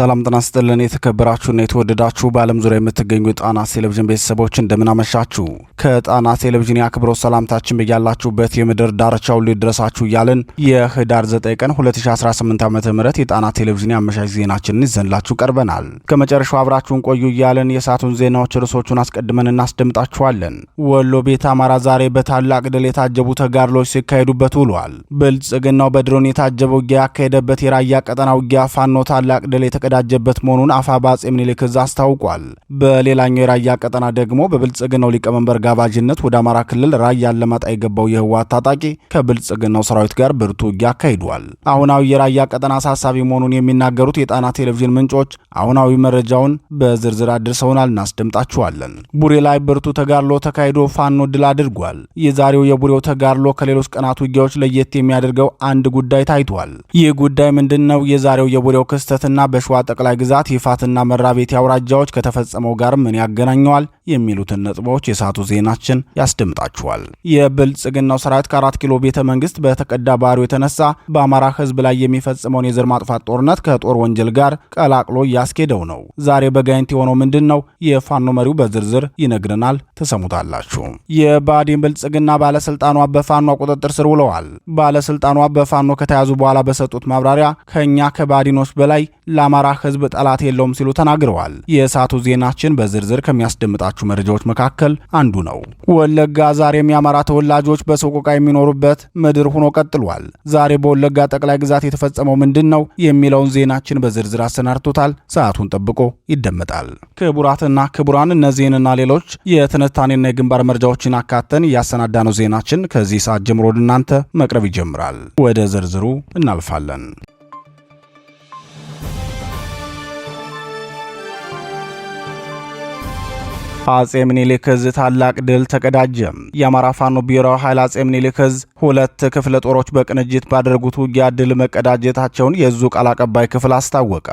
ሰላም ጤና ይስጥልን የተከበራችሁና የተወደዳችሁ በዓለም ዙሪያ የምትገኙ የጣና ቴሌቪዥን ቤተሰቦች እንደምናመሻችሁ ከጣና ቴሌቪዥን የአክብሮት ሰላምታችን በያላችሁበት የምድር ዳርቻው ሊድረሳችሁ እያልን የህዳር 9 ቀን 2018 ዓ ም የጣና ቴሌቪዥን የአመሻሽ ዜናችንን ይዘንላችሁ ቀርበናል። ከመጨረሻው አብራችሁን ቆዩ እያልን የሰዓቱን ዜናዎች ርዕሶቹን አስቀድመን እናስደምጣችኋለን። ወሎ ቤት አማራ ዛሬ በታላቅ ድል የታጀቡ ተጋድሎች ሲካሄዱበት ውሏል። ብልጽግናው በድሮን የታጀበ ውጊያ ያካሄደበት የራያ ቀጠና ውጊያ ፋኖ ታላቅ ድል የተቀዳጀበት መሆኑን አፋባ አጼ ምኒልክ ዕዝ አስታውቋል። በሌላኛው የራያ ቀጠና ደግሞ በብልጽግናው ሊቀመንበር ጋባዥነት ወደ አማራ ክልል ራያ ለማጣ የገባው የህወሓት ታጣቂ ከብልጽግናው ሰራዊት ጋር ብርቱ ውጊያ አካሂዷል። አሁናዊ የራያ ቀጠና አሳሳቢ መሆኑን የሚናገሩት የጣና ቴሌቪዥን ምንጮች አሁናዊ መረጃውን በዝርዝር አድርሰውናል፣ እናስደምጣችኋለን። ቡሬ ላይ ብርቱ ተጋድሎ ተካሂዶ ፋኖ ድል አድርጓል። የዛሬው የቡሬው ተጋድሎ ከሌሎች ቀናት ውጊያዎች ለየት የሚያደርገው አንድ ጉዳይ ታይቷል። ይህ ጉዳይ ምንድን ነው? የዛሬው የቡሬው ክስተትና በ ሸዋ ጠቅላይ ግዛት ይፋትና መራቤቴ አውራጃዎች ከተፈጸመው ጋር ምን ያገናኘዋል የሚሉትን ነጥቦች የሰዓቱ ዜናችን ያስደምጣችኋል። የብልጽግናው ሰራዊት ከአራት ኪሎ ቤተ መንግስት በተቀዳ ባህሪው የተነሳ በአማራ ህዝብ ላይ የሚፈጽመውን የዘር ማጥፋት ጦርነት ከጦር ወንጀል ጋር ቀላቅሎ እያስኬደው ነው። ዛሬ በጋይንት የሆነው ምንድን ነው? የፋኖ መሪው በዝርዝር ይነግረናል፣ ተሰሙታላችሁ። የባዲን ብልጽግና ባለስልጣኗ በፋኗ ቁጥጥር ስር ውለዋል። ባለስልጣኗ በፋኖ ከተያዙ በኋላ በሰጡት ማብራሪያ ከእኛ ከባዲኖች በላይ ለአማ የአማራ ህዝብ ጠላት የለውም ሲሉ ተናግረዋል። የሰዓቱ ዜናችን በዝርዝር ከሚያስደምጣችሁ መረጃዎች መካከል አንዱ ነው። ወለጋ ዛሬም የአማራ ተወላጆች በሰቆቃ የሚኖሩበት ምድር ሆኖ ቀጥሏል። ዛሬ በወለጋ ጠቅላይ ግዛት የተፈጸመው ምንድን ነው የሚለውን ዜናችን በዝርዝር አሰናድቶታል። ሰዓቱን ጠብቆ ይደመጣል። ክቡራትና ክቡራን እነዚህንና ሌሎች የትንታኔና የግንባር መረጃዎችን አካተን ነው ዜናችን ከዚህ ሰዓት ጀምሮ እናንተ መቅረብ ይጀምራል። ወደ ዝርዝሩ እናልፋለን። አጼ ምኒልክ እዝ ታላቅ ድል ተቀዳጀ። የአማራ ፋኖ ብሔራዊ ኃይል አጼ ምኒልክ እዝ ሁለት ክፍለ ጦሮች በቅንጅት ባደረጉት ውጊያ ድል መቀዳጀታቸውን የእዙ ቃል አቀባይ ክፍል አስታወቀ።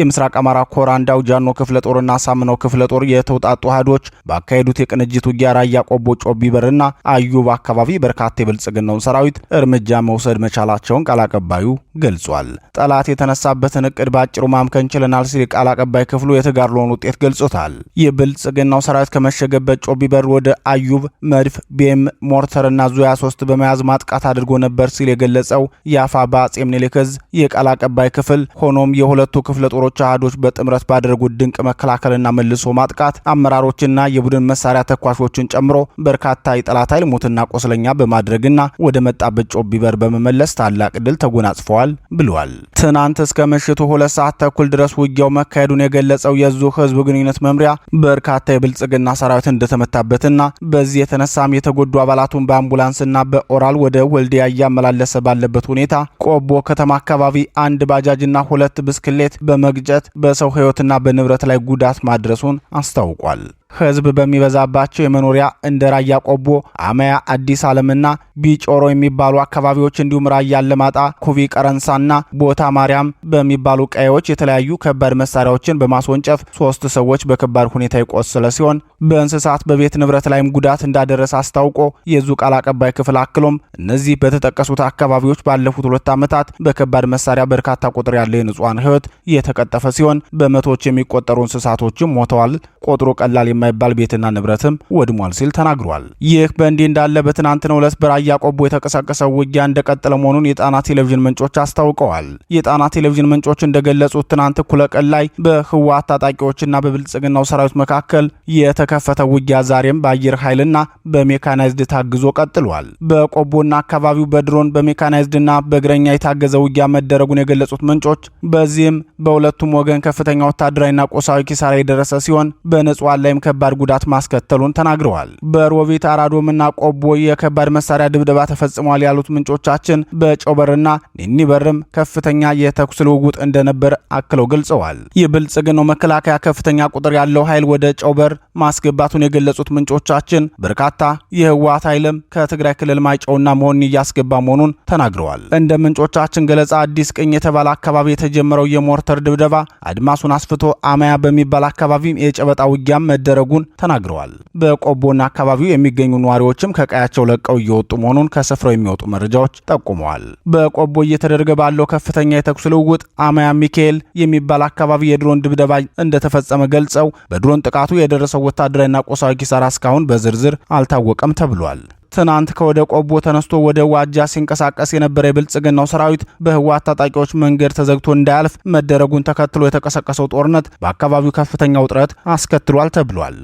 የምስራቅ አማራ ኮር አንድ አውጃኖ ክፍለ ጦርና ሳምነው ክፍለ ጦር የተውጣጡ አህዶች ባካሄዱት የቅንጅት ውጊያ ራያ ቆቦ ጮቢበርና አዩብ አካባቢ በርካታ የብልጽግናውን ሰራዊት እርምጃ መውሰድ መቻላቸውን ቃል አቀባዩ ገልጿል። ጠላት የተነሳበትን እቅድ በአጭሩ ማምከን ችለናል ሲል ቃል አቀባይ ክፍሉ የተጋድሎውን ውጤት ገልጾታል። የብልጽግናው ሰራዊት ከመሸገበት ጮቢ በር ወደ አዩብ መድፍ፣ ቤም፣ ሞርተርና ዙያ ሶስት በመያዝ ማጥቃት አድርጎ ነበር ሲል የገለጸው የአፋባ አጼ ምኒልክ የቃል አቀባይ ክፍል። ሆኖም የሁለቱ ክፍለ ጦሮች አህዶች በጥምረት ባደረጉት ድንቅ መከላከልና መልሶ ማጥቃት አመራሮችና የቡድን መሳሪያ ተኳሾችን ጨምሮ በርካታ የጠላት ኃይል ሞትና ቆስለኛ በማድረግና ወደ መጣበት ጮቢ በር በመመለስ ታላቅ ድል ተጎናጽፈዋል ብሏል። ትናንት እስከ ምሽቱ ሁለት ሰዓት ተኩል ድረስ ውጊያው መካሄዱን የገለጸው የዙ ህዝብ ግንኙነት መምሪያ በርካታ የብልጽ የብልጽግና ሰራዊት እንደተመታበትና በዚህ የተነሳም የተጎዱ አባላቱን በአምቡላንስና በኦራል ወደ ወልዲያ እያመላለሰ ባለበት ሁኔታ ቆቦ ከተማ አካባቢ አንድ ባጃጅና ሁለት ብስክሌት በመግጨት በሰው ሕይወትና በንብረት ላይ ጉዳት ማድረሱን አስታውቋል። ህዝብ በሚበዛባቸው የመኖሪያ እንደ ራያ ቆቦ፣ አመያ፣ አዲስ ዓለምና ቢጮሮ የሚባሉ አካባቢዎች እንዲሁም ራያ አላማጣ፣ ኩቢ ቀረንሳና ቦታ ማርያም በሚባሉ ቀዬዎች የተለያዩ ከባድ መሳሪያዎችን በማስወንጨፍ ሶስት ሰዎች በከባድ ሁኔታ የቆሰለ ሲሆን በእንስሳት በቤት ንብረት ላይም ጉዳት እንዳደረሰ አስታውቆ የዙ ቃል አቀባይ ክፍል አክሎም እነዚህ በተጠቀሱት አካባቢዎች ባለፉት ሁለት ዓመታት በከባድ መሳሪያ በርካታ ቁጥር ያለው የንጹሐን ህይወት የተቀጠፈ ሲሆን በመቶዎች የሚቆጠሩ እንስሳቶችም ሞተዋል። ቆጥሮ ቀላል የማይባል ቤትና ንብረትም ወድሟል ሲል ተናግሯል። ይህ በእንዲህ እንዳለ በትናንትናው ዕለት በራያ ቆቦ የተቀሳቀሰው ውጊያ እንደቀጠለ መሆኑን የጣና ቴሌቪዥን ምንጮች አስታውቀዋል። የጣና ቴሌቪዥን ምንጮች እንደገለጹት ትናንት እኩለ ቀን ላይ በህወሓት ታጣቂዎችና በብልጽግናው ሰራዊት መካከል የተ የተከፈተው ውጊያ ዛሬም በአየር ኃይልና በሜካናይዝድ ታግዞ ቀጥሏል። በቆቦና አካባቢው በድሮን በሜካናይዝድና በእግረኛ የታገዘ ውጊያ መደረጉን የገለጹት ምንጮች በዚህም በሁለቱም ወገን ከፍተኛ ወታደራዊና ቆሳዊ ኪሳራ የደረሰ ሲሆን በንጹሐን ላይም ከባድ ጉዳት ማስከተሉን ተናግረዋል። በሮቢት አራዶምና ቆቦ የከባድ መሳሪያ ድብደባ ተፈጽሟል ያሉት ምንጮቻችን በጨውበርና ኒኒበርም ከፍተኛ የተኩስ ልውውጥ እንደነበር አክለው ገልጸዋል። የብልጽግናው መከላከያ ከፍተኛ ቁጥር ያለው ኃይል ወደ ጨውበር ማስ ማስገባቱን የገለጹት ምንጮቻችን በርካታ የህወሓት ኃይልም ከትግራይ ክልል ማይጨውና መሆን እያስገባ መሆኑን ተናግረዋል። እንደ ምንጮቻችን ገለጻ አዲስ ቅኝ የተባለ አካባቢ የተጀመረው የሞርተር ድብደባ አድማሱን አስፍቶ አማያ በሚባል አካባቢ የጨበጣ ውጊያም መደረጉን ተናግረዋል። በቆቦና አካባቢው የሚገኙ ነዋሪዎችም ከቀያቸው ለቀው እየወጡ መሆኑን ከስፍራው የሚወጡ መረጃዎች ጠቁመዋል። በቆቦ እየተደረገ ባለው ከፍተኛ የተኩስ ልውውጥ አማያ ሚካኤል የሚባል አካባቢ የድሮን ድብደባ እንደተፈጸመ ገልጸው በድሮን ጥቃቱ የደረሰው ወታደ ወታደራዊና ቆሳዊ ኪሳራ እስካሁን በዝርዝር አልታወቀም ተብሏል። ትናንት ከወደ ቆቦ ተነስቶ ወደ ዋጃ ሲንቀሳቀስ የነበረ የብልጽግናው ሰራዊት በህወሓት ታጣቂዎች መንገድ ተዘግቶ እንዳያልፍ መደረጉን ተከትሎ የተቀሰቀሰው ጦርነት በአካባቢው ከፍተኛ ውጥረት አስከትሏል ተብሏል።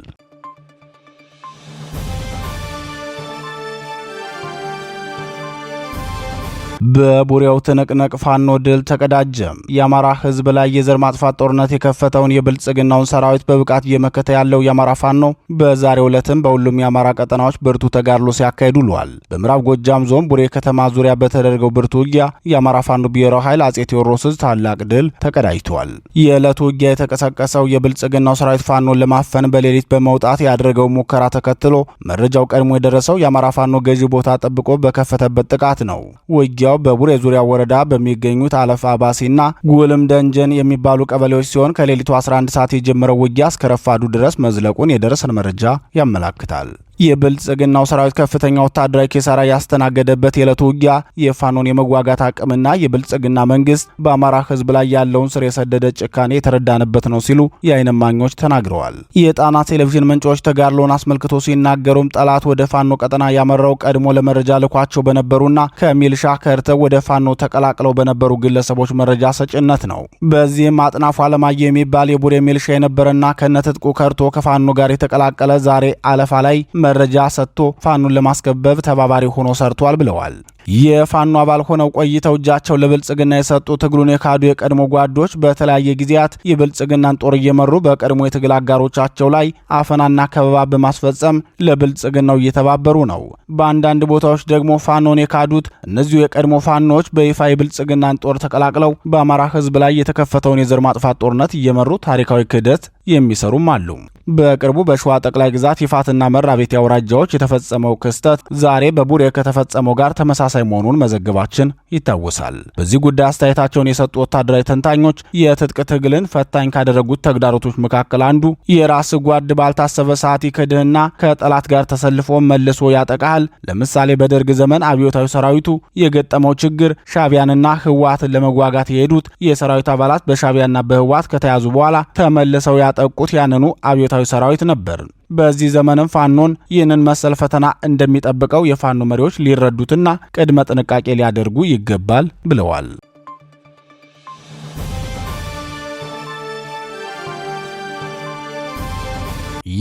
በቡሬው ትንቅንቅ ፋኖ ድል ተቀዳጀ። የአማራ ህዝብ ላይ የዘር ማጥፋት ጦርነት የከፈተውን የብልጽግናውን ሰራዊት በብቃት እየመከተ ያለው የአማራ ፋኖ በዛሬው ዕለትም በሁሉም የአማራ ቀጠናዎች ብርቱ ተጋድሎ ሲያካሂዱ ውሏል። በምዕራብ ጎጃም ዞን ቡሬ ከተማ ዙሪያ በተደረገው ብርቱ ውጊያ የአማራ ፋኖ ብሔራዊ ኃይል አጼ ቴዎድሮስ ታላቅ ድል ተቀዳጅቷል። የዕለቱ ውጊያ የተቀሰቀሰው የብልጽግናው ሰራዊት ፋኖን ለማፈን በሌሊት በመውጣት ያደረገው ሙከራ ተከትሎ መረጃው ቀድሞ የደረሰው የአማራ ፋኖ ገዢ ቦታ ጠብቆ በከፈተበት ጥቃት ነው። ውጊያ ግድያው በቡሬ ዙሪያ ወረዳ በሚገኙት አለፍ አባሲና ጉልም ደንጀን የሚባሉ ቀበሌዎች ሲሆን ከሌሊቱ 11 ሰዓት የጀመረው ውጊያ እስከ ረፋዱ ድረስ መዝለቁን የደረሰን መረጃ ያመላክታል። የብልጽግናው ሰራዊት ከፍተኛ ወታደራዊ ኪሳራ ያስተናገደበት የዕለቱ ውጊያ የፋኖን የመዋጋት አቅምና የብልጽግና መንግስት በአማራ ህዝብ ላይ ያለውን ስር የሰደደ ጭካኔ የተረዳንበት ነው ሲሉ የአይን እማኞች ተናግረዋል። የጣና ቴሌቪዥን ምንጮች ተጋድሎን አስመልክቶ ሲናገሩም ጠላት ወደ ፋኖ ቀጠና ያመራው ቀድሞ ለመረጃ ልኳቸው በነበሩና ከሚልሻ ከርተው ወደ ፋኖ ተቀላቅለው በነበሩ ግለሰቦች መረጃ ሰጭነት ነው። በዚህም አጥናፉ አለማየ የሚባል የቡሬ ሚልሻ የነበረና ከነትጥቁ ከርቶ ከፋኖ ጋር የተቀላቀለ ዛሬ አለፋ ላይ መረጃ ሰጥቶ ፋኑን ለማስከበብ ተባባሪ ሆኖ ሰርቷል ብለዋል። የፋኖ አባል ሆነው ቆይተው እጃቸው ለብልጽግና የሰጡ ትግሉን የካዱ የቀድሞ ጓዶች በተለያየ ጊዜያት የብልጽግናን ጦር እየመሩ በቀድሞ የትግል አጋሮቻቸው ላይ አፈናና ከበባ በማስፈጸም ለብልጽግናው እየተባበሩ ነው። በአንዳንድ ቦታዎች ደግሞ ፋኖን የካዱት እነዚሁ የቀድሞ ፋኖዎች በይፋ የብልጽግናን ጦር ተቀላቅለው በአማራ ሕዝብ ላይ የተከፈተውን የዘር ማጥፋት ጦርነት እየመሩ ታሪካዊ ክህደት የሚሰሩም አሉ። በቅርቡ በሸዋ ጠቅላይ ግዛት ይፋትና ቤት አውራጃዎች የተፈጸመው ክስተት ዛሬ በቡሬ ከተፈጸመው ጋር ተመሳሳይ ተመሳሳይ መሆኑን መዘግባችን ይታወሳል። በዚህ ጉዳይ አስተያየታቸውን የሰጡ ወታደራዊ ተንታኞች የትጥቅ ትግልን ፈታኝ ካደረጉት ተግዳሮቶች መካከል አንዱ የራስ ጓድ ባልታሰበ ሰዓት ይክድህና ከጠላት ጋር ተሰልፎ መልሶ ያጠቃሃል። ለምሳሌ በደርግ ዘመን አብዮታዊ ሰራዊቱ የገጠመው ችግር ሻቢያንና ህወሓትን ለመዋጋት የሄዱት የሰራዊት አባላት በሻቢያና በህወሓት ከተያዙ በኋላ ተመልሰው ያጠቁት ያንኑ አብዮታዊ ሰራዊት ነበር። በዚህ ዘመንም ፋኖን ይህንን መሰል ፈተና እንደሚጠብቀው የፋኖ መሪዎች ሊረዱትና ቅድመ ጥንቃቄ ሊያደርጉ ይገባል ብለዋል።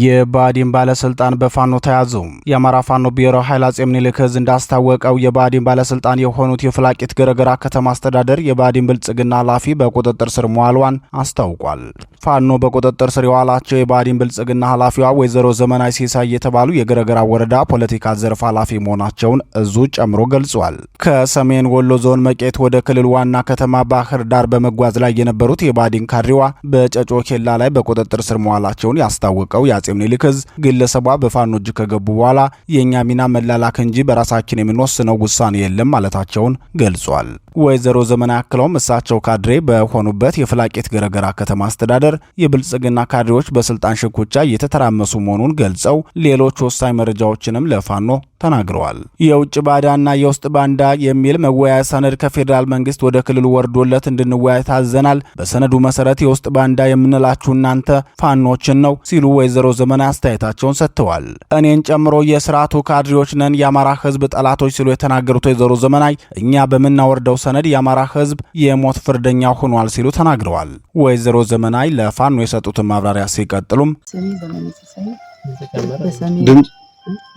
የባዲን ባለስልጣን በፋኖ ተያዙ። የአማራ ፋኖ ብሔራዊ ኃይል አጼ ምኒልክ ዕዝ እንዳስታወቀው የባዲን ባለስልጣን የሆኑት የፍላቂት ገረገራ ከተማ አስተዳደር የባዲን ብልጽግና ኃላፊ በቁጥጥር ስር መዋሏን አስታውቋል። ፋኖ በቁጥጥር ስር የዋላቸው የባዲን ብልጽግና ኃላፊዋ ወይዘሮ ዘመናዊ ሲሳይ የተባሉ የገረገራ ወረዳ ፖለቲካ ዘርፍ ኃላፊ መሆናቸውን እዙ ጨምሮ ገልጿል። ከሰሜን ወሎ ዞን መቄት ወደ ክልል ዋና ከተማ ባህር ዳር በመጓዝ ላይ የነበሩት የባዲን ካድሬዋ በጨጮ ኬላ ላይ በቁጥጥር ስር መዋላቸውን ያስታወቀው የአጼ ምኒልክ እዝ ግለሰቧ በፋኖ እጅ ከገቡ በኋላ የእኛ ሚና መላላክ እንጂ በራሳችን የምንወስነው ውሳኔ የለም ማለታቸውን ገልጿል። ወይዘሮ ዘመን ያክለውም እሳቸው ካድሬ በሆኑበት የፍላቄት ገረገራ ከተማ አስተዳደር የብልጽግና ካድሬዎች በስልጣን ሽኩቻ እየተተራመሱ መሆኑን ገልጸው ሌሎች ወሳኝ መረጃዎችንም ለፋኖ ተናግረዋል። የውጭ ባዳና የውስጥ ባንዳ የሚል መወያያ ሰነድ ከፌዴራል መንግስት ወደ ክልሉ ወርዶለት እንድንወያይ ታዘናል። በሰነዱ መሰረት የውስጥ ባንዳ የምንላችሁ እናንተ ፋኖችን ነው ሲሉ ወይዘሮ ዘመን አስተያየታቸውን ሰጥተዋል። እኔን ጨምሮ የስርዓቱ ካድሬዎች ነን የአማራ ህዝብ ጠላቶች ሲሉ የተናገሩት ወይዘሮ ዘመናይ እኛ በምናወርደው ሰነድ የአማራ ህዝብ የሞት ፍርደኛ ሆኗል ሲሉ ተናግረዋል። ወይዘሮ ዘመናይ ለፋኖ የሰጡትን ማብራሪያ ሲቀጥሉም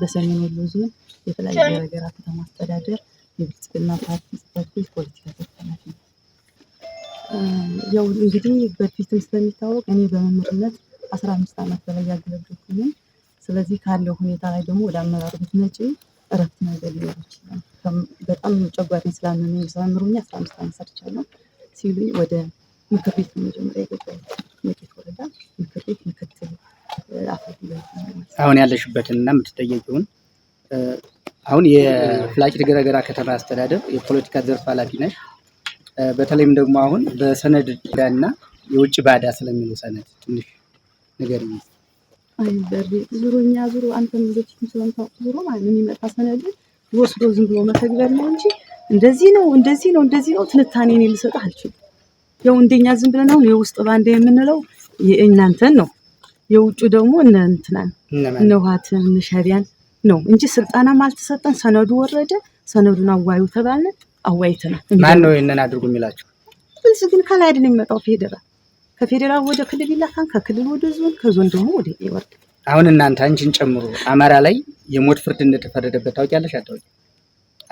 በሰሜን ወሎ ዞን የተለያዩ የወገራ ከተማ አስተዳደር የብልጽግና ፓርቲ ጽሕፈት ቤት ፖለቲካ ዘርፍ ኃላፊ ነው። ያው እንግዲህ በፊትም ስለሚታወቅ እኔ በመምህርነት አስራ አምስት ዓመት በላይ ያገለገልኩኝ ስለዚህ ካለው ሁኔታ ላይ ደግሞ ወደ አመራር ብትመጪ እረፍት ነገር ሊኖር ይችላል። በጣም ጨጓራዬን ስላመመኝ ስለምሩኝ አስራ አምስት ዓመት ሰርቻለሁ ሲሉኝ ወደ ምክር ቤት መጀመሪያ የገባሁት። መቄት ወረዳ ምክር ቤት ምክትል አሁን ያለሽበትንና የምትጠየቂውን አሁን የፍላቂት ገረገራ ከተማ አስተዳደር የፖለቲካ ዘርፍ ኃላፊ ነሽ። በተለይም ደግሞ አሁን በሰነድ እና የውጭ ባዳ ስለሚለው ሰነድ ትንሽ ነገር ዙሮ እኛ ዙሮ አንተም በፊትም ስለምታውቅ ዙሮ ማለት የሚመጣ ሰነድ ወስዶ ዝም ብሎ መተግበር ነው እንጂ እንደዚህ ነው እንደዚህ ነው እንደዚህ ነው ትንታኔ እኔ ልሰጥ አልችልም። ያው እንደኛ ዝም ብለን አሁን የውስጥ ባንዳ የምንለው እናንተን ነው የውጩ ደግሞ እነ እንትናን እነ እነ ነው እንጂ ስልጠናም አልተሰጠን። ሰነዱ ወረደ። ሰነዱን አዋዩ ተባልን። አዋይተናል። ማን ነው ይሄንን አድርጉ የሚላቸው? ብልጽ ግን ከላይ አይደል የሚመጣው ፌዴራል ከፌዴራል ወደ ክልል ይላካን፣ ከክልል ወደ ዞን፣ ከዞን ደግሞ ወደ ይወርድ። አሁን እናንተ አንቺን ጨምሮ አማራ ላይ የሞት ፍርድ እንደተፈረደበት ታውቂያለሽ አታውቂ?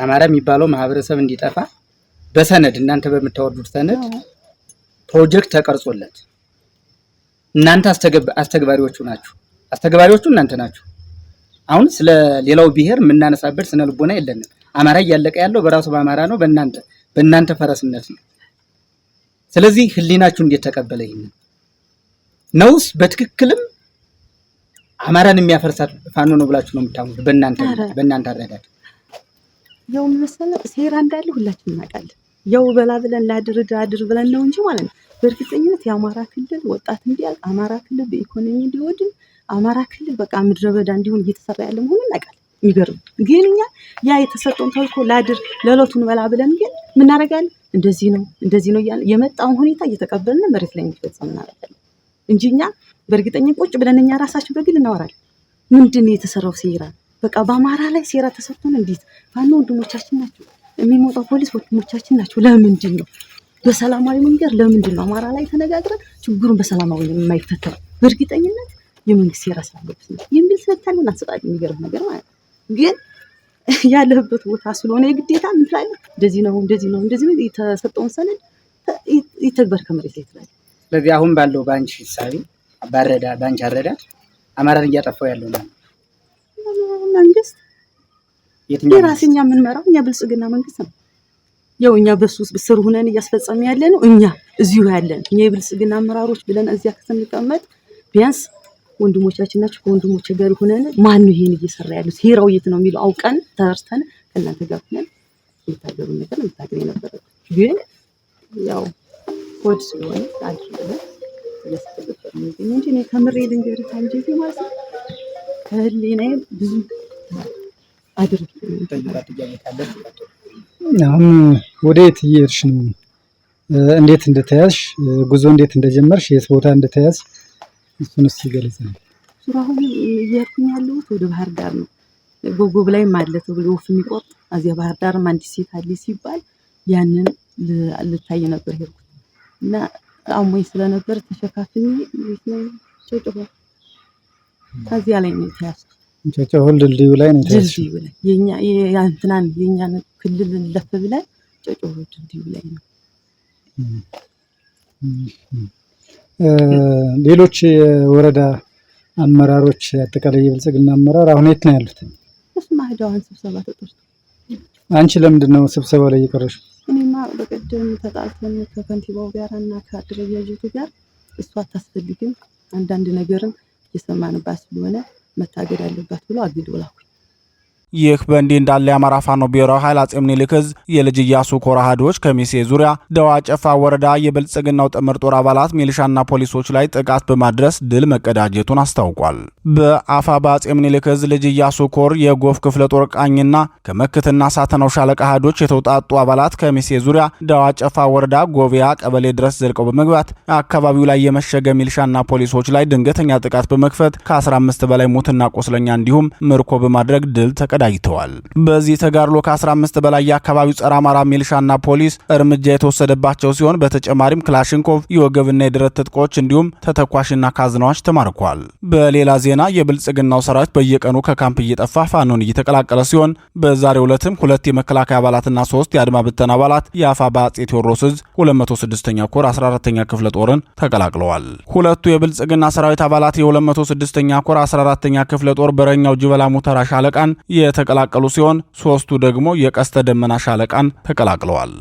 አማራ የሚባለው ማህበረሰብ እንዲጠፋ በሰነድ እናንተ በምታወርዱት ሰነድ ፕሮጀክት ተቀርጾለት እናንተ አስተግባሪዎቹ ናችሁ። አስተግባሪዎቹ እናንተ ናችሁ። አሁን ስለ ሌላው ብሔር የምናነሳበት ስነ ልቦና የለንም። አማራ እያለቀ ያለው በራሱ በአማራ ነው፣ በእናንተ በእናንተ ፈረስነት ነው። ስለዚህ ህሊናችሁ እንዴት ተቀበለ? ይህንን ነውስ በትክክልም አማራን የሚያፈርሳት ፋኖ ነው ብላችሁ ነው የምታምኑት? በእናንተ በእናንተ አረዳድ ያው መሰለ ሴራ እንዳለ ሁላችንም እናውቃለን። ያው በላ ብለን ላድርድ አድር ብለን ነው እንጂ ማለት ነው። በእርግጠኝነት የአማራ ክልል ወጣት እንዲያልቅ፣ አማራ ክልል በኢኮኖሚ እንዲወድም፣ አማራ ክልል በቃ ምድረ በዳ እንዲሆን እየተሰራ ያለ መሆኑን እናውቃለን። የሚገርም ግን እኛ ያ የተሰጠውን ተልኮ ላድር ለሎቱን በላ ብለን ግን ምናደርጋለን እንደዚህ ነው እንደዚህ ነው እያለ የመጣውን ሁኔታ እየተቀበልን መሬት ላይ እንዲፈጸም እናደርጋለን እንጂ እኛ በእርግጠኝ ቁጭ ብለን እኛ ራሳችን በግል እናወራለን። ምንድን ነው የተሰራው ሴራ? በቃ በአማራ ላይ ሴራ ተሰርቶ እንዴት? ፋኖ ወንድሞቻችን ናቸው። የሚመጣው ፖሊስ ወንድሞቻችን ናቸው። ለምንድን ነው በሰላማዊ መንገድ ለምንድን ነው አማራ ላይ ተነጋግረን ችግሩን በሰላማዊ የማይፈታው? በእርግጠኝነት የመንግስት የራስ ያለበት ነው የሚል ስለታለን አሰጣጭ የሚገርም ነገር ማለት ነው። ግን ያለበት ቦታ ስለሆነ የግዴታ ምን ትላለህ? እንደዚህ ነው እንደዚህ ነው እንደዚህ ነው የተሰጠውን ሰነድ ይተግበር ከመሬት ላይ ትላለህ። ስለዚህ አሁን ባለው በአንቺ ሳቢ በአንቺ አረዳድ አማራን እያጠፋው ያለው ነው መንግስት የትኛው ራሴ እኛ የምንመራው እኛ ብልጽግና መንግስት ነው። ያው እኛ በሱ ስር ሁነን እያስፈጸምን ያለ ነው። እኛ እዚሁ ያለን እኛ የብልጽግና አመራሮች ብለን እዚያ ከስንቀመጥ ቢያንስ ወንድሞቻችን ናቸው። ከወንድሞች ጋር ሆነን ማን ነው ይሄን እየሰራ ያሉት ሄራው የት ነው የሚለው አውቀን ተርተን ከእናንተ ጋር ሆነን የምታገሩ ነገር የምታገር የነበረ ግን ያው ወድ ስለሆነ አድርገ እያስጠበጠ ነው እንጂ እኔ ከምሬ ልንገርህ እንጂ ማለት ነው ከህሊናዬ ብዙ አድርጊ። አሁን ወደ የት እየሄድሽ ነው? እንዴት እንደተያዝሽ፣ ጉዞ እንዴት እንደጀመርሽ፣ የት ቦታ እንደተያዝ እሱን ስ ይገለጽናል። አሁን እየሄድኩኝ ያለሁት ወደ ባህር ዳር ነው። ጎጎብ ላይ ማለት ወፍ የሚቆርጥ እዚያ ባህር ዳርም አንዲት ሴት አለች ሲባል ያንን ልታይ ነበር ሄድኩት እና አሞኝ ስለነበር ተሸካፍኝ ጨጭ ከዚያ ላይ ነው የተያዝኩት ጨጨሆል ድልድዩ ላይ ነው። ድልድዩ ላይ የኛ የእንትናን የኛን ክልል ለፍ ብለን ጨጨሆል ድልድዩ ላይ ነው። ሌሎች የወረዳ አመራሮች አጠቃላይ የብልጽግና አመራር አሁን የት ነው ያሉት? እሱማ ሄደው አሁን ስብሰባ ተጠርቶ። አንቺ ለምንድን ነው ስብሰባ ላይ እየቀረሽ? እኔማ በቀደም ተጣልተን ከከንቲባው ጋር እና ከአደረጃጀቱ ጋር እሱ አታስፈልግም አንዳንድ ነገርም እየሰማንባት ስለሆነ መታገድ አለባት ብሎ አግዶ ላኩኝ ይህ በእንዲህ እንዳለ የአማራ ፋኖ ብሔራዊ ኃይል አጼ ምኒልክ ዕዝ የልጅ እያሱ ኮር አሃዶች ከሚሴ ዙሪያ ደዋ ጨፋ ወረዳ የብልጽግናው ጥምር ጦር አባላት ሚሊሻና ፖሊሶች ላይ ጥቃት በማድረስ ድል መቀዳጀቱን አስታውቋል። በአፋባ አጼ ምኒልክ ዕዝ ልጅ እያሱ ኮር የጎፍ ክፍለ ጦር ቃኝና ከመክትና ሳተናው ሻለቃ አሃዶች የተውጣጡ አባላት ከሚሴ ዙሪያ ደዋ ጨፋ ወረዳ ጎቢያ ቀበሌ ድረስ ዘልቀው በመግባት አካባቢው ላይ የመሸገ ሚሊሻና ፖሊሶች ላይ ድንገተኛ ጥቃት በመክፈት ከ15 በላይ ሙትና ቆስለኛ እንዲሁም ምርኮ በማድረግ ድል ተቀ ተቀዳጅተዋል። በዚህ ተጋድሎ ከ15 በላይ የአካባቢው ጸረ አማራ ሚልሻና ፖሊስ እርምጃ የተወሰደባቸው ሲሆን በተጨማሪም ክላሽንኮቭ፣ የወገብና የደረት ትጥቆች እንዲሁም ተተኳሽና ካዝናዎች ተማርኳል። በሌላ ዜና የብልጽግናው ሰራዊት በየቀኑ ከካምፕ እየጠፋ ፋኖን እየተቀላቀለ ሲሆን በዛሬው ዕለትም ሁለት የመከላከያ አባላትና ሶስት የአድማ ብተን አባላት የአፋ በአጼ ቴዎድሮስ እዝ 206ኛ ኮር 14ኛ ክፍለ ጦርን ተቀላቅለዋል። ሁለቱ የብልጽግና ሰራዊት አባላት የ206ኛ ኮር 14ኛ ክፍለ ጦር በረኛው ጅበላ ሙተራ ሻለቃን የተቀላቀሉ ሲሆን ሶስቱ ደግሞ የቀስተ ደመና ሻለቃን ተቀላቅለዋል።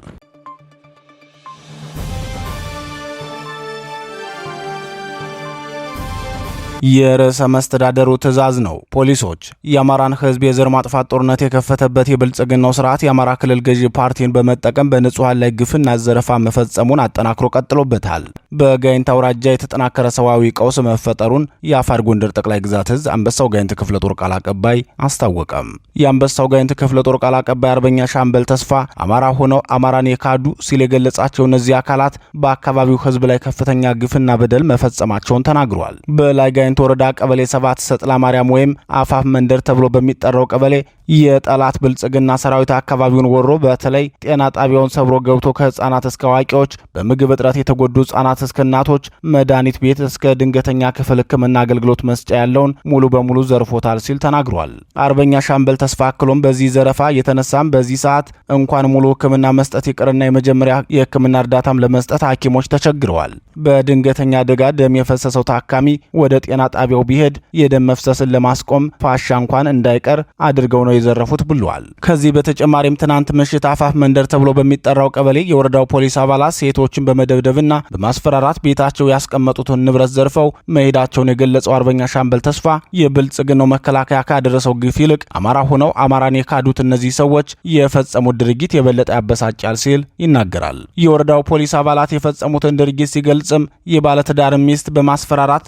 የርዕሰ መስተዳደሩ ትዕዛዝ ነው። ፖሊሶች የአማራን ህዝብ የዘር ማጥፋት ጦርነት የከፈተበት የብልጽግናው ስርዓት የአማራ ክልል ገዢ ፓርቲን በመጠቀም በንጹሐን ላይ ግፍና ዘረፋ መፈጸሙን አጠናክሮ ቀጥሎበታል። በጋይንት አውራጃ የተጠናከረ ሰብአዊ ቀውስ መፈጠሩን የአፋር ጎንደር ጠቅላይ ግዛት እዝ አንበሳው ጋይንት ክፍለ ጦር ቃል አቀባይ አስታወቀም። የአንበሳው ጋይንት ክፍለ ጦር ቃል አቀባይ አርበኛ ሻምበል ተስፋ አማራ ሆነው አማራን የካዱ ሲል የገለጻቸው እነዚህ አካላት በአካባቢው ህዝብ ላይ ከፍተኛ ግፍና በደል መፈጸማቸውን ተናግሯል። በላይ ጋይንት ወረዳ ቀበሌ ሰባት ሰጥላ ማርያም ወይም አፋፍ መንደር ተብሎ በሚጠራው ቀበሌ የጠላት ብልጽግና ሰራዊት አካባቢውን ወሮ በተለይ ጤና ጣቢያውን ሰብሮ ገብቶ ከህፃናት እስከ አዋቂዎች፣ በምግብ እጥረት የተጎዱ ህጻናት እስከ እናቶች፣ መድኃኒት ቤት እስከ ድንገተኛ ክፍል ህክምና አገልግሎት መስጫ ያለውን ሙሉ በሙሉ ዘርፎታል ሲል ተናግሯል። አርበኛ ሻምበል ተስፋ አክሎም በዚህ ዘረፋ የተነሳም በዚህ ሰዓት እንኳን ሙሉ ህክምና መስጠት ይቅርና የመጀመሪያ የህክምና እርዳታም ለመስጠት ሐኪሞች ተቸግረዋል። በድንገተኛ አደጋ ደም የፈሰሰው ታካሚ ወደ ጤና ጣቢያው ቢሄድ የደም መፍሰስን ለማስቆም ፋሻ እንኳን እንዳይቀር አድርገው ነው የዘረፉት ብለዋል። ከዚህ በተጨማሪም ትናንት ምሽት አፋፍ መንደር ተብሎ በሚጠራው ቀበሌ የወረዳው ፖሊስ አባላት ሴቶችን በመደብደብና በማስፈራራት ቤታቸው ያስቀመጡትን ንብረት ዘርፈው መሄዳቸውን የገለጸው አርበኛ ሻምበል ተስፋ የብልጽግናው መከላከያ ካደረሰው ግፍ ይልቅ አማራ ሆነው አማራን የካዱት እነዚህ ሰዎች የፈጸሙት ድርጊት የበለጠ ያበሳጫል ሲል ይናገራል። የወረዳው ፖሊስ አባላት የፈጸሙትን ድርጊት ሲገልጽም የባለትዳር ሚስት በማስፈራራት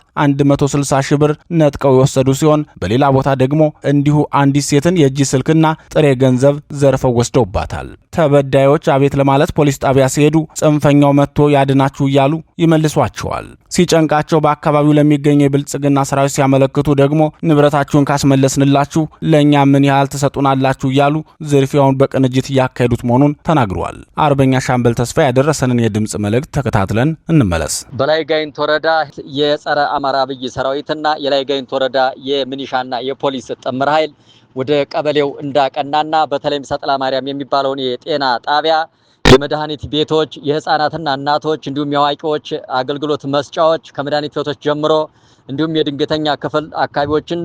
160 ሺህ ብር ነጥቀው የወሰዱ ሲሆን በሌላ ቦታ ደግሞ እንዲሁ አንዲት ሴትን የእጅ የእጅ ስልክና ጥሬ ገንዘብ ዘርፈው ወስደውባታል። ተበዳዮች አቤት ለማለት ፖሊስ ጣቢያ ሲሄዱ ጽንፈኛው መጥቶ ያድናችሁ እያሉ ይመልሷቸዋል። ሲጨንቃቸው በአካባቢው ለሚገኘው የብልጽግና ሰራዊት ሲያመለክቱ ደግሞ ንብረታችሁን ካስመለስንላችሁ ለእኛ ምን ያህል ትሰጡናላችሁ እያሉ ዝርፊያውን በቅንጅት እያካሄዱት መሆኑን ተናግረዋል። አርበኛ ሻምበል ተስፋ ያደረሰንን የድምፅ መልእክት ተከታትለን እንመለስ። በላይ ጋይንት ወረዳ የጸረ አማራ አብይ ሰራዊትና የላይ ጋይንት ወረዳ የሚኒሻና የፖሊስ ጥምር ኃይል ወደ ቀበሌው እንዳቀናና በተለይም ሰጥላ ማርያም የሚባለውን የጤና ጣቢያ የመድኃኒት ቤቶች፣ የህፃናትና እናቶች እንዲሁም የአዋቂዎች አገልግሎት መስጫዎች ከመድኃኒት ቤቶች ጀምሮ እንዲሁም የድንገተኛ ክፍል አካባቢዎችን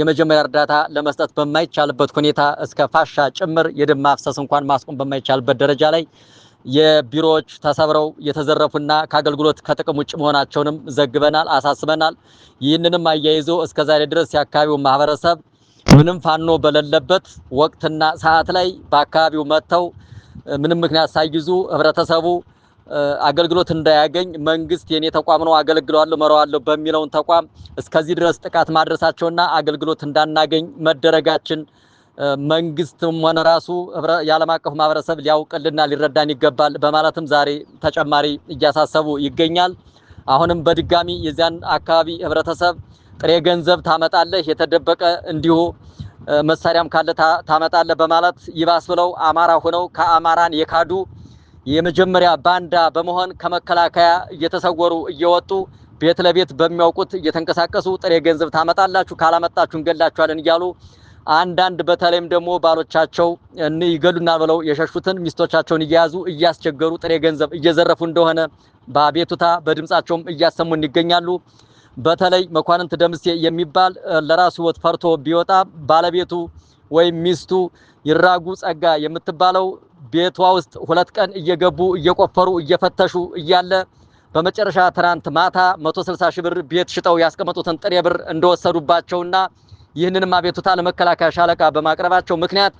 የመጀመሪያ እርዳታ ለመስጠት በማይቻልበት ሁኔታ እስከ ፋሻ ጭምር የደም ማፍሰስ እንኳን ማስቆም በማይቻልበት ደረጃ ላይ የቢሮዎች ተሰብረው የተዘረፉና ከአገልግሎት ከጥቅም ውጭ መሆናቸውንም ዘግበናል፣ አሳስበናል። ይህንንም አያይዞ እስከዛሬ ድረስ የአካባቢው ማህበረሰብ ምንም ፋኖ በሌለበት ወቅትና ሰዓት ላይ በአካባቢው መጥተው ምንም ምክንያት ሳይይዙ ህብረተሰቡ አገልግሎት እንዳያገኝ መንግስት የኔ ተቋም ነው አገልግለዋለሁ መረዋለሁ በሚለውን ተቋም እስከዚህ ድረስ ጥቃት ማድረሳቸውና አገልግሎት እንዳናገኝ መደረጋችን መንግስትም ሆነ ራሱ የዓለም አቀፉ ማህበረሰብ ሊያውቅልና ሊረዳን ይገባል በማለትም ዛሬ ተጨማሪ እያሳሰቡ ይገኛል። አሁንም በድጋሚ የዚያን አካባቢ ህብረተሰብ ጥሬ ገንዘብ ታመጣለህ፣ የተደበቀ እንዲሁ መሳሪያም ካለ ታመጣለህ በማለት ይባስ ብለው አማራ ሆነው ከአማራን የካዱ የመጀመሪያ ባንዳ በመሆን ከመከላከያ እየተሰወሩ እየወጡ ቤት ለቤት በሚያውቁት እየተንቀሳቀሱ ጥሬ ገንዘብ ታመጣላችሁ፣ ካላመጣችሁ እንገላችኋለን እያሉ አንዳንድ በተለይም ደግሞ ባሎቻቸው ይገሉናል ብለው የሸሹትን ሚስቶቻቸውን እየያዙ እያስቸገሩ ጥሬ ገንዘብ እየዘረፉ እንደሆነ በአቤቱታ በድምፃቸውም እያሰሙን ይገኛሉ። በተለይ መኳንንት ደምሴ የሚባል ለራሱ ሕይወት ፈርቶ ቢወጣ ባለቤቱ ወይም ሚስቱ ይራጉ ጸጋ የምትባለው ቤቷ ውስጥ ሁለት ቀን እየገቡ እየቆፈሩ እየፈተሹ እያለ በመጨረሻ ትናንት ማታ 160 ሺህ ብር ቤት ሽጠው ያስቀመጡትን ጥሬ ብር እንደወሰዱባቸውና ይህንንም አቤቱታ ለመከላከያ ሻለቃ በማቅረባቸው ምክንያት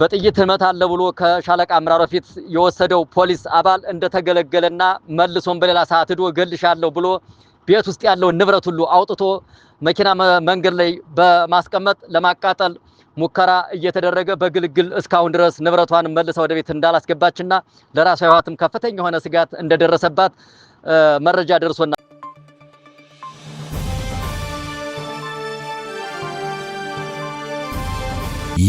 በጥይት ህመት አለ ብሎ ከሻለቃ አምራሮ ፊት የወሰደው ፖሊስ አባል እንደተገለገለና መልሶን በሌላ ሰዓት ሄዶ እገልሻለሁ ብሎ ቤት ውስጥ ያለውን ንብረት ሁሉ አውጥቶ መኪና መንገድ ላይ በማስቀመጥ ለማቃጠል ሙከራ እየተደረገ በግልግል እስካሁን ድረስ ንብረቷን መልሳ ወደ ቤት እንዳላስገባችና ለራሷ ሕይወትም ከፍተኛ የሆነ ስጋት እንደደረሰባት መረጃ ደርሶና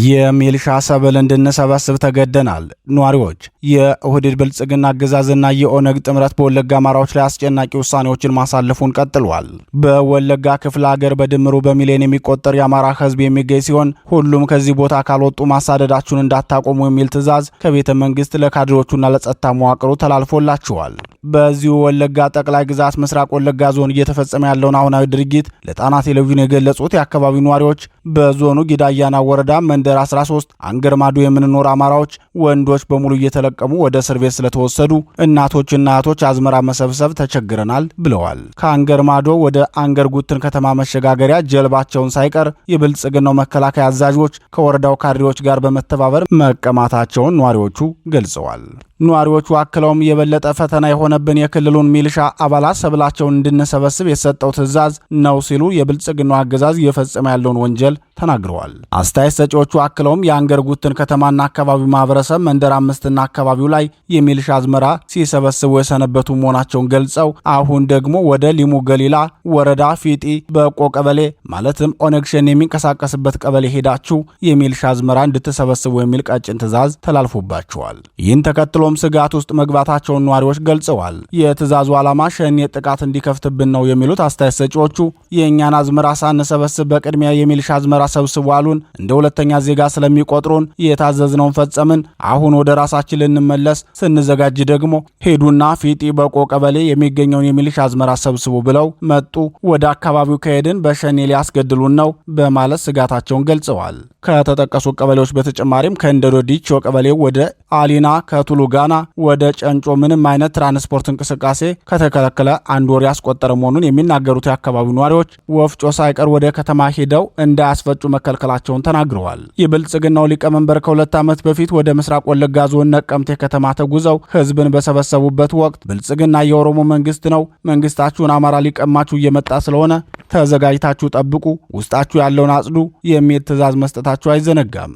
የሚልሻ ሰብል እንድንሰበስብ ተገደናል። ነዋሪዎች የኦህዴድ ብልጽግና አገዛዝና የኦነግ ጥምረት በወለጋ አማራዎች ላይ አስጨናቂ ውሳኔዎችን ማሳለፉን ቀጥሏል። በወለጋ ክፍለ አገር በድምሩ በሚሊዮን የሚቆጠር የአማራ ህዝብ የሚገኝ ሲሆን ሁሉም ከዚህ ቦታ ካልወጡ ማሳደዳችሁን እንዳታቆሙ የሚል ትዕዛዝ ከቤተ መንግስት ለካድሬዎቹና ለጸጥታ መዋቅሩ ተላልፎላችኋል። በዚሁ ወለጋ ጠቅላይ ግዛት ምስራቅ ወለጋ ዞን እየተፈጸመ ያለውን አሁናዊ ድርጊት ለጣና ቴሌቪዥን የገለጹት የአካባቢው ነዋሪዎች በዞኑ ጊዳያና ወረዳ መንደር 13 አንገርማዶ የምንኖር አማራዎች ወንዶች በሙሉ እየተለቀሙ ወደ እስር ቤት ስለተወሰዱ እናቶችና እህቶች አዝመራ መሰብሰብ ተቸግረናል ብለዋል። ከአንገርማዶ ወደ አንገር ጉትን ከተማ መሸጋገሪያ ጀልባቸውን ሳይቀር የብልጽግናው መከላከያ አዛዦች ከወረዳው ካድሬዎች ጋር በመተባበር መቀማታቸውን ነዋሪዎቹ ገልጸዋል። ነዋሪዎቹ አክለውም የበለጠ ፈተና የሆነብን የክልሉን ሚልሻ አባላት ሰብላቸውን እንድንሰበስብ የተሰጠው ትዕዛዝ ነው ሲሉ የብልጽግናው አገዛዝ እየፈጸመ ያለውን ወንጀል ተናግረዋል። አስተያየት ሰጪዎቹ አክለውም የአንገር ጉትን ከተማና አካባቢው ማህበረሰብ መንደር አምስትና አካባቢው ላይ የሚልሻ አዝመራ ሲሰበስቡ የሰነበቱ መሆናቸውን ገልጸው አሁን ደግሞ ወደ ሊሙ ገሊላ ወረዳ ፊጢ በቆ ቀበሌ ማለትም ኦነግሸን የሚንቀሳቀስበት ቀበሌ ሄዳችሁ የሚልሻ አዝመራ እንድትሰበስቡ የሚል ቀጭን ትዕዛዝ ተላልፎባቸዋል። ይህን ተከትሎ ተከትሎም ስጋት ውስጥ መግባታቸውን ነዋሪዎች ገልጸዋል። የትዕዛዙ ዓላማ ሸኔ ጥቃት እንዲከፍትብን ነው የሚሉት አስተያየት ሰጪዎቹ የእኛን አዝመራ ሳንሰበስብ በቅድሚያ የሚልሻ አዝመራ ሰብስቦ አሉን። እንደ ሁለተኛ ዜጋ ስለሚቆጥሩን የታዘዝነውን ፈጸምን። አሁን ወደ ራሳችን ልንመለስ ስንዘጋጅ ደግሞ ሄዱና ፊጢ በቆ ቀበሌ የሚገኘውን የሚልሻ አዝመራ ሰብስቡ ብለው መጡ። ወደ አካባቢው ከሄድን በሸኔ ሊያስገድሉን ነው በማለት ስጋታቸውን ገልጸዋል። ከተጠቀሱ ቀበሌዎች በተጨማሪም ከእንደዶ ዲቾ ቀበሌ ወደ አሊና ከቱሉ ጋና ወደ ጨንጮ ምንም አይነት ትራንስፖርት እንቅስቃሴ ከተከለከለ አንድ ወር ያስቆጠረ መሆኑን የሚናገሩት የአካባቢው ነዋሪዎች ወፍጮ ሳይቀር ወደ ከተማ ሄደው እንዳያስፈጩ መከልከላቸውን ተናግረዋል። የብልጽግናው ሊቀመንበር ከሁለት ዓመት በፊት ወደ ምስራቅ ወለጋ ዞን ነቀምቴ ከተማ ተጉዘው ህዝብን በሰበሰቡበት ወቅት ብልጽግና የኦሮሞ መንግስት ነው፣ መንግስታችሁን አማራ ሊቀማችሁ እየመጣ ስለሆነ ተዘጋጅታችሁ ጠብቁ፣ ውስጣችሁ ያለውን አጽዱ የሚል ትዕዛዝ መስጠታቸው አይዘነጋም።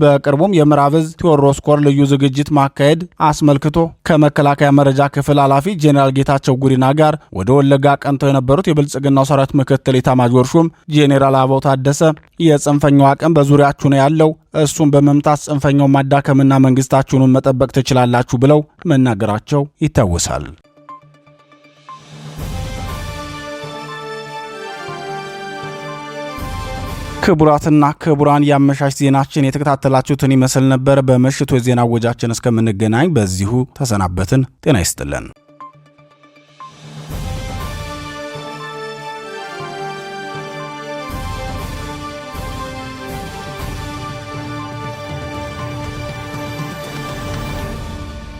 በቅርቡም የምዕራብ ዕዝ ቴዎድሮስ ኮር ልዩ ዝግጅት ማካሄድ አስመልክቶ ከመከላከያ መረጃ ክፍል ኃላፊ ጄኔራል ጌታቸው ጉዲና ጋር ወደ ወለጋ ቀንተው የነበሩት የብልጽግናው ሰራዊት ምክትል ኤታማዦር ሹም ጄኔራል አበው ታደሰ የጽንፈኛው አቅም በዙሪያችሁ ነው ያለው፣ እሱን በመምታት ጽንፈኛው ማዳከምና መንግስታችሁንም መጠበቅ ትችላላችሁ ብለው መናገራቸው ይታወሳል። ክቡራትና ክቡራን የአመሻሽ ዜናችን የተከታተላችሁትን ይመስል ነበር። በምሽቱ የዜና ወጃችን እስከምንገናኝ በዚሁ ተሰናበትን። ጤና ይስጥልን።